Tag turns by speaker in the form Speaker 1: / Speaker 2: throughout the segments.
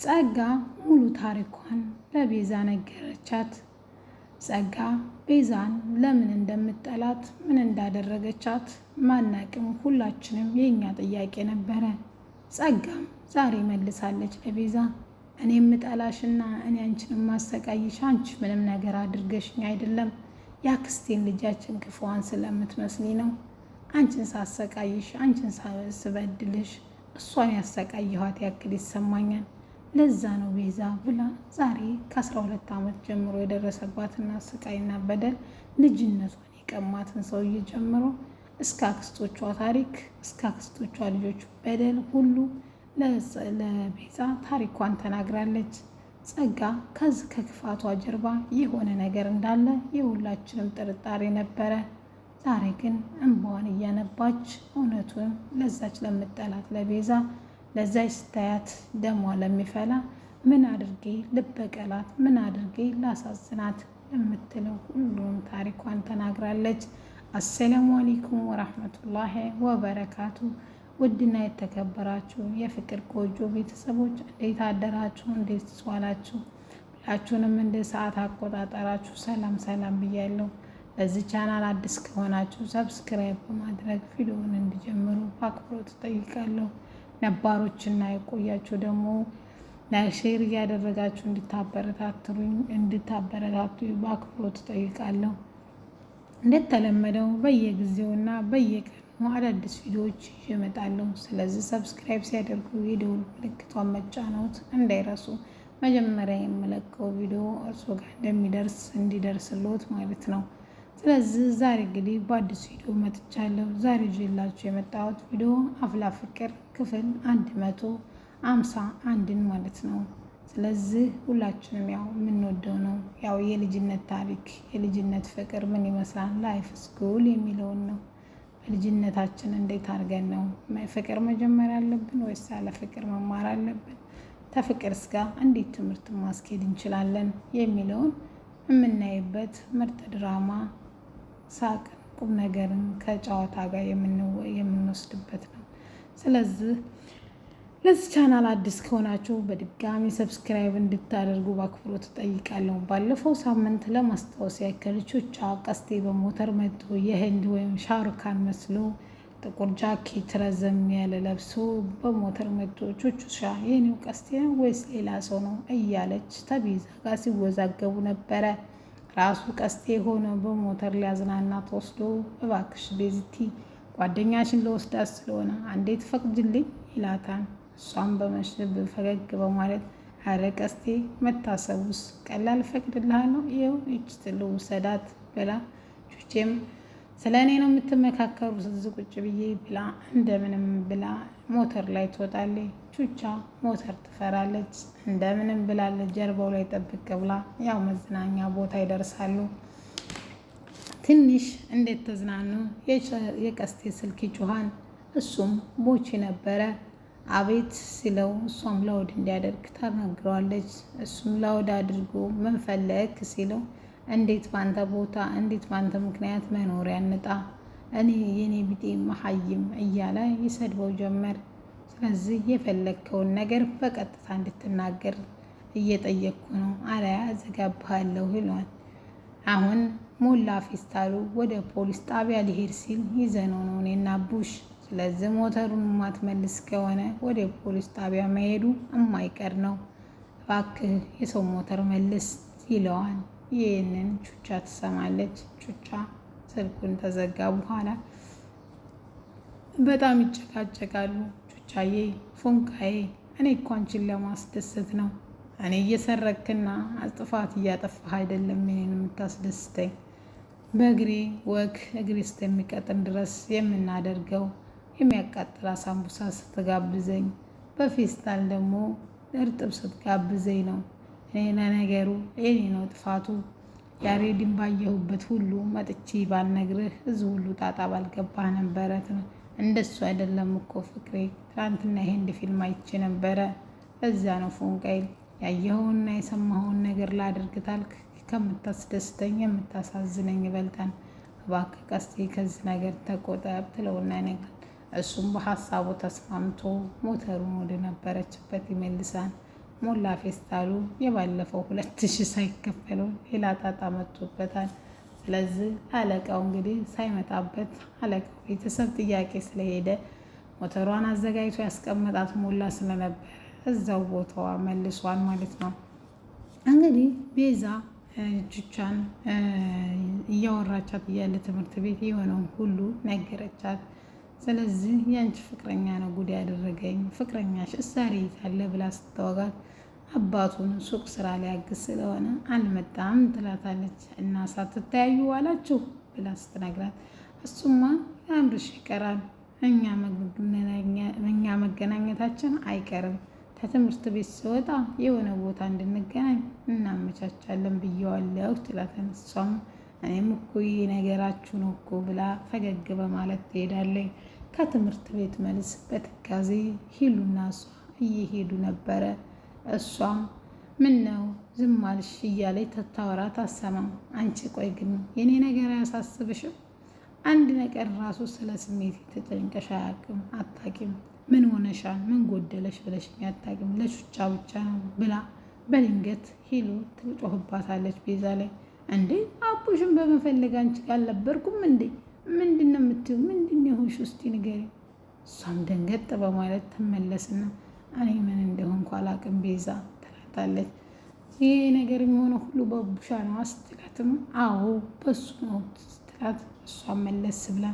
Speaker 1: ጸጋ ሙሉ ታሪኳን ለቤዛ ነገረቻት። ጸጋ ቤዛን ለምን እንደምጠላት ምን እንዳደረገቻት ማናቅም ሁላችንም የእኛ ጥያቄ ነበረ። ጸጋም ዛሬ መልሳለች ለቤዛ እኔ የምጠላሽና እኔ አንቺን የማሰቃይሽ አንቺ ምንም ነገር አድርገሽኝ አይደለም፣ ያክስቴን ልጃችን ክፉዋን ስለምትመስሊ ነው። አንቺን ሳሰቃይሽ፣ አንቺን ሳስበድልሽ እሷን ያሰቃየኋት ያክል ይሰማኛል። ለዛ ነው ቤዛ ብላ ዛሬ ከአስራ ሁለት ዓመት ጀምሮ የደረሰባትና ስቃይና በደል ልጅነቷን የቀማትን ሰውዬ ጀምሮ እስከ አክስቶቿ ታሪክ እስከ አክስቶቿ ልጆች በደል ሁሉ ለቤዛ ታሪኳን ተናግራለች። ጸጋ ከዚህ ከክፋቷ ጀርባ የሆነ ነገር እንዳለ የሁላችንም ጥርጣሬ ነበረ። ዛሬ ግን እንባዋን እያነባች እውነቱን ለዛች ለምጠላት ለቤዛ ለዛች ስታያት ደሟ ለሚፈላ ምን አድርጌ ልበቀላት፣ ምን አድርጌ ላሳዝናት የምትለው ሁሉም ታሪኳን ተናግራለች። አሰላሙ አሌይኩም ወራህመቱላሂ ወበረካቱ። ውድና የተከበራችሁ የፍቅር ጎጆ ቤተሰቦች እንዴት አደራችሁ? እንዴት ዋላችሁ? ሁላችሁንም እንደ ሰዓት አቆጣጠራችሁ ሰላም ሰላም ብያለሁ። በዚህ ቻናል አዲስ ከሆናችሁ ሰብስክራይብ በማድረግ ቪዲዮውን እንዲጀምሩ በአክብሮት እጠይቃለሁ። ነባሮችና የቆያችሁ ደግሞ ላይክሼር እያደረጋችሁ እንድታበረታትሩኝ እንድታበረታቱ በአክብሮት ጠይቃለሁ። እንደተለመደው እና በየቀኑ አዳዲስ ቪዲዮዎች ይመጣለሁ። ስለዚህ ሰብስክራይብ ሲያደርጉ የደውል ምልክቷን መጫኖት እንዳይረሱ፣ መጀመሪያ የምለቀው ቪዲዮ እርሶ ጋር እንደሚደርስ እንዲደርስለት ማለት ነው። ስለዚህ ዛሬ እንግዲህ በአዲሱ ቪዲዮ መጥቻለሁ። ዛሬ ይዤላችሁ የመጣሁት ቪዲዮ አፍላ ፍቅር ክፍል አንድ መቶ አምሳ አንድን ማለት ነው። ስለዚህ ሁላችንም ያው የምንወደው ነው ያው የልጅነት ታሪክ የልጅነት ፍቅር ምን ይመስላል ላይፍ ስኩል የሚለውን ነው። በልጅነታችን እንዴት አድርገን ነው ፍቅር መጀመር ያለብን ወይስ ያለ ፍቅር መማር አለብን? ተፍቅር ስጋ እንዴት ትምህርት ማስኬድ እንችላለን የሚለውን የምናይበት ምርጥ ድራማ ሳቅን፣ ቁም ነገርን ከጨዋታ ጋር የምንወስድበት ነው። ስለዚህ ለዚህ ቻናል አዲስ ከሆናችሁ በድጋሚ ሰብስክራይብ እንድታደርጉ በአክብሮት እጠይቃለሁ። ባለፈው ሳምንት ለማስታወስ ያክል ቹቻ ቀስቴ በሞተር መጥቶ የህንድ ወይም ሻሩካን መስሎ ጥቁር ጃኬት ረዘም ያለ ለብሶ በሞተር መጥቶ ቹቹሻ የኔው ቀስቴ ወይስ ሌላ ሰው ነው እያለች ተቤዛ ጋር ሲወዛገቡ ነበረ። ራሱ ቀስቴ የሆነ በሞተር ሊያዝናና ወስዶ እባክሽ ቤዝቲ ጓደኛሽን ለወስዳት ስለሆነ አንዴ ትፈቅጅልኝ ይላታል። እሷም በመሽብ ፈገግ በማለት አረ ቀስቴ መታሰቡስ ቀላል ፈቅድልሃለሁ ይኸው ይች ትልው ሰዳት ብላ ቹቼም ስለ እኔ ነው የምትመካከሩ ስዝ ቁጭ ብዬ ብላ እንደምንም ብላ ሞተር ላይ ትወጣለች። ቹቻ ሞተር ትፈራለች። እንደምንም ብላለች። ጀርባው ላይ ጠብቅ ብላ ያው መዝናኛ ቦታ ይደርሳሉ። ትንሽ እንዴት ተዝናኑ። የቀስቴ ስልክ ይጮኻል። እሱም ቦቺ ነበረ። አቤት ሲለው እሷም ላውድ እንዲያደርግ ተናግረዋለች። እሱም ላውድ አድርጎ ምን ሲለው እንዴት ባንተ ቦታ እንዴት ባንተ ምክንያት መኖሪያ እንጣ እኔ የኔ ቢጤ መሀይም እያለ ይሰድበው ጀመር። ስለዚህ የፈለግከውን ነገር በቀጥታ እንድትናገር እየጠየቅኩ ነው፣ አለያ ዘጋብሃለሁ ይሏል። አሁን ሞላ ፌስታሉ ወደ ፖሊስ ጣቢያ ሊሄድ ሲል ይዘነው ነው እኔና ቡሽ። ስለዚህ ሞተሩን ማትመልስ ከሆነ ወደ ፖሊስ ጣቢያ መሄዱ የማይቀር ነው። እባክህ የሰው ሞተር መልስ ይለዋል። ይህንን ቹቻ ትሰማለች። ቹቻ ስልኩን ተዘጋ በኋላ በጣም ይጨቃጨቃሉ። ቹቻዬ ፉንቃዬ፣ እኔ እኮ አንቺን ለማስደሰት ነው። እኔ እየሰረክና ጥፋት እያጠፋህ አይደለም እኔን የምታስደስተኝ። በእግሬ ወግ እግሬ እስከሚቀጥን ድረስ የምናደርገው የሚያቃጥል አሳምቡሳ ስትጋብዘኝ፣ በፌስታል ደግሞ እርጥብ ስትጋብዘኝ ነው እኔ ነገሩ እኔ ነው ጥፋቱ። ያሬድን ባየሁበት ሁሉ መጥቼ ባልነግርህ እዚህ ሁሉ ጣጣ ባልገባህ ነበረ። እንደሱ አይደለም እኮ ፍቅሬ። ትናንትና ይሄን ፊልም አይቼ ነበረ። እዛ ነው ፎንቀይል ያየኸውና የሰማኸውን ነገር ላድርግ ታልክ። ከምታስደስተኝ የምታሳዝነኝ ይበልጣል። እባክህ ቀስቴ ከዚህ ነገር ተቆጠብ ትለውና ነገር እሱም በሀሳቡ ተስማምቶ ሞተሩን ወደ ነበረችበት ይመልሳል። ሞላ ፌስታሉ የባለፈው ሁለት ሺ ሳይከፈለው ሌላ ጣጣ መጥቶበታል። ስለዚህ አለቃው እንግዲህ ሳይመጣበት አለቃው ቤተሰብ ጥያቄ ስለሄደ ሞተሯን አዘጋጅቶ ያስቀመጣት ሞላ ስለነበረ እዛው ቦታዋ መልሷን ማለት ነው። እንግዲህ ቤዛ እጆቿን እያወራቻት እያለ ትምህርት ቤት የሆነውን ሁሉ ነገረቻት። ስለዚህ ያንቺ ፍቅረኛ ነው ጉድ ያደረገኝ ፍቅረኛሽ እሳሪ ይታለ ብላ ስታወጋት አባቱን ሱቅ ስራ ሊያግዝ ስለሆነ አልመጣም ትላታለች። እና ሳትተያዩ ዋላችሁ ብላ ስትነግራት እሱማ አምርሽ ይቀራል እኛ መገናኘታችን አይቀርም ከትምህርት ቤት ስወጣ የሆነ ቦታ እንድንገናኝ እናመቻቻለን ብየዋለሁ ትላታለች። እሷም እኔም እኮ ይሄ ነገራችሁ ነው እኮ ብላ ፈገግ በማለት ትሄዳለች። ከትምህርት ቤት መልስ በትካዜ ሂሉና እሷ እየሄዱ ነበረ። እሷም ምን ነው ዝም አልሽ እያለች ተታወራ ታሰማም። አንቺ ቆይ ግን የኔ ነገር አያሳስብሽም? አንድ ነገር ራሱ ስለ ስሜት የተጨንቀሽ አያውቅም፣ አታውቂም። ምን ሆነሻል፣ ምን ጎደለሽ ብለሽ አታውቂም። ለሹቻ ብቻ ነው ብላ በድንገት ሂሉ ትጮህባታለች ቤዛ ላይ። እንዴ አቡሽን በመፈለግ አንቺ ያልነበርኩም እንዴ ምንድን ነው የምትይው? ምንድን ነው የሆንሽ? ውስጥ ንገሪኝ። እሷም ደንገጥ በማለት ትመለስና እኔ ምን እንደሆንኩ አላቅም ቤዛ ትላታለች። ይህ ነገር የሚሆነው ሁሉ በቡሻ ነው ስትላትም፣ አዎ በሱ ነው ስትላት፣ እሷም መለስ ብላ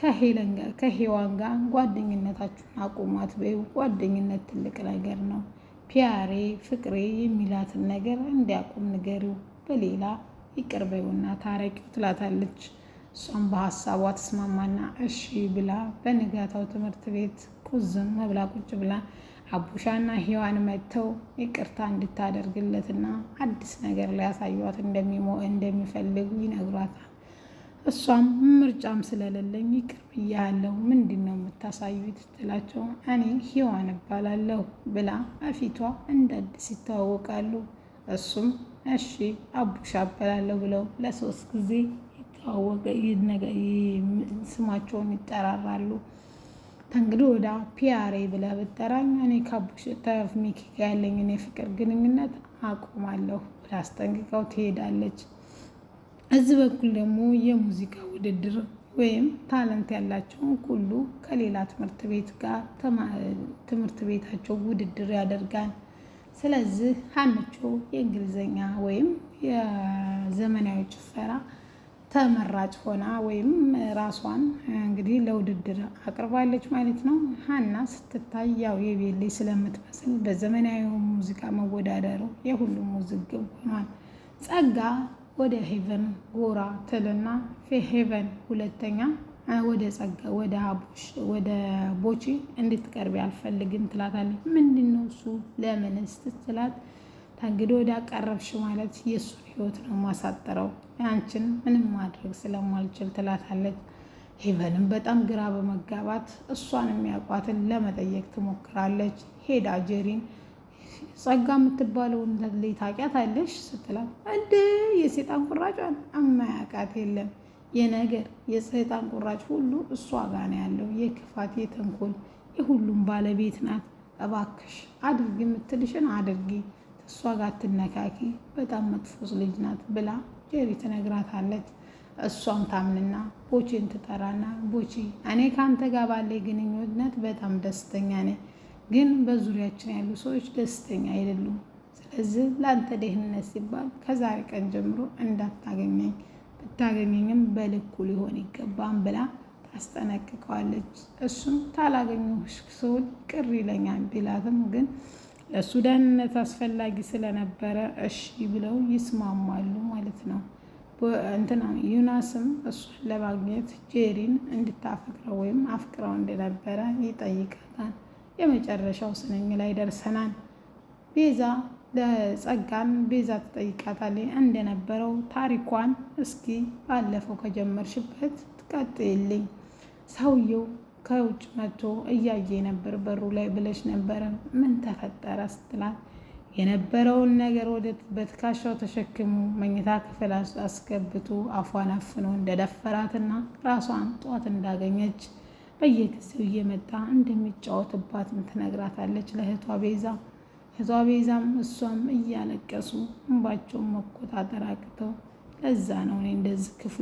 Speaker 1: ከሄለን ጋር ከሄዋን ጋር ጓደኝነታችሁን አቁሟት በይው። ጓደኝነት ትልቅ ነገር ነው። ፒያሬ ፍቅሬ የሚላትን ነገር እንዲያቁም ንገሪው፣ በሌላ ይቅር በይውና ታረቂው ትላታለች። እሷም በሀሳቧ ተስማማና እሺ ብላ በንጋታው ትምህርት ቤት ቁዝም መብላ ቁጭ ብላ አቡሻና ሔዋን መጥተው ይቅርታ እንድታደርግለትና አዲስ ነገር ሊያሳዩት እንደሚፈልጉ ይነግሯታል። እሷም ምርጫም ስለሌለኝ ይቅር ብያለሁ፣ ምንድን ነው የምታሳዩት ትላቸው እኔ ሔዋን እባላለሁ ብላ እፊቷ እንደ አዲስ ይተዋወቃሉ። እሱም እሺ አቡሻ እባላለሁ ብለው ለሶስት ጊዜ እየተዋወቀ ስማቸውን ይጠራራሉ። ተንግዶ ወዳ ፒያሬ ብለ ብጠራኝ እኔ ከአቡሽ ሚኪ ጋ ያለኝን የፍቅር ግንኙነት አቆማለሁ ብላ አስጠንቅቀው ትሄዳለች። እዚህ በኩል ደግሞ የሙዚቃ ውድድር ወይም ታለንት ያላቸውን ሁሉ ከሌላ ትምህርት ቤት ጋር ትምህርት ቤታቸው ውድድር ያደርጋል። ስለዚህ ሀንቾ የእንግሊዝኛ ወይም የዘመናዊ ጭፈራ ተመራጭ ሆና ወይም ራሷን እንግዲህ ለውድድር አቅርባለች ማለት ነው። ሀና ስትታይ ያው የቤሌ ስለምትመስል በዘመናዊ ሙዚቃ መወዳደሩ የሁሉም ውዝግብ ሆኗል። ጸጋ ወደ ሄቨን ጎራ ትልና ሄቨን ሁለተኛ ወደ ጸጋ ወደ አቡሽ ወደ ቦቺ እንድትቀርቢ አልፈልግም ትላታለች። ምንድን ነው እሱ ለምን ትላት ታግዶ ወደ አቀረብሽ ማለት የእሱን ህይወት ነው ማሳጠረው አንቺን ምንም ማድረግ ስለማልችል ትላታለች። ሄቨንም በጣም ግራ በመጋባት እሷን የሚያውቋትን ለመጠየቅ ትሞክራለች። ሄዳ ጀሪን ጸጋ የምትባለውን ልጅ ታውቂያታለሽ ስትላት እንደ የሴጣን ቁራጯን አማያውቃት የለም። የነገር የሰይጣን ቁራጭ ሁሉ እሷ ጋር ነው ያለው። የክፋት የተንኮል የሁሉም ባለቤት ናት። እባክሽ አድርጊ የምትልሽን አድርጊ እሷ ጋር አትነካኪ፣ በጣም መጥፎስ ልጅ ናት ብላ ጀሪ ትነግራታለች። እሷም ታምንና ቦቼን ትጠራና ቦቼ እኔ ከአንተ ጋር ባለ ግንኙነት በጣም ደስተኛ ነኝ፣ ግን በዙሪያችን ያሉ ሰዎች ደስተኛ አይደሉም። ስለዚህ ለአንተ ደህንነት ሲባል ከዛሬ ቀን ጀምሮ እንዳታገኘኝ፣ ብታገኘኝም በልኩ ሊሆን ይገባም ብላ ታስጠነቅቀዋለች። እሱም ታላገኘሽ ሰውን ቅር ይለኛል ቢላትም ግን ለእሱ ደህንነት አስፈላጊ ስለነበረ እሺ ብለው ይስማማሉ ማለት ነው። እንትና ዩናስም እሷን ለማግኘት ጄሪን እንድታፈቅረው ወይም አፍቅረው እንደነበረ ይጠይቃታል። የመጨረሻው ስንኝ ላይ ደርሰናል። ቤዛ ለጸጋን ቤዛ ትጠይቃታል እንደነበረው ታሪኳን። እስኪ ባለፈው ከጀመርሽበት ትቀጥልኝ ሰውየው ከውጭ መጥቶ እያየ ነበር በሩ ላይ ብለሽ ነበረ፣ ምን ተፈጠረ ስትላት የነበረውን ነገር ወደ በትካሻው ተሸክሞ መኝታ ክፍል አስገብቶ አፏን አፍኖ እንደደፈራትና ራሷን ጧት እንዳገኘች በየጊዜው እየመጣ እንደሚጫወትባትም ትነግራታለች ለእህቷ ቤዛ። እህቷ ቤዛም እሷም እያለቀሱ እንባቸውን መቆጣጠር አቅተው ለዛ ነው እኔ እንደዚህ ክፉ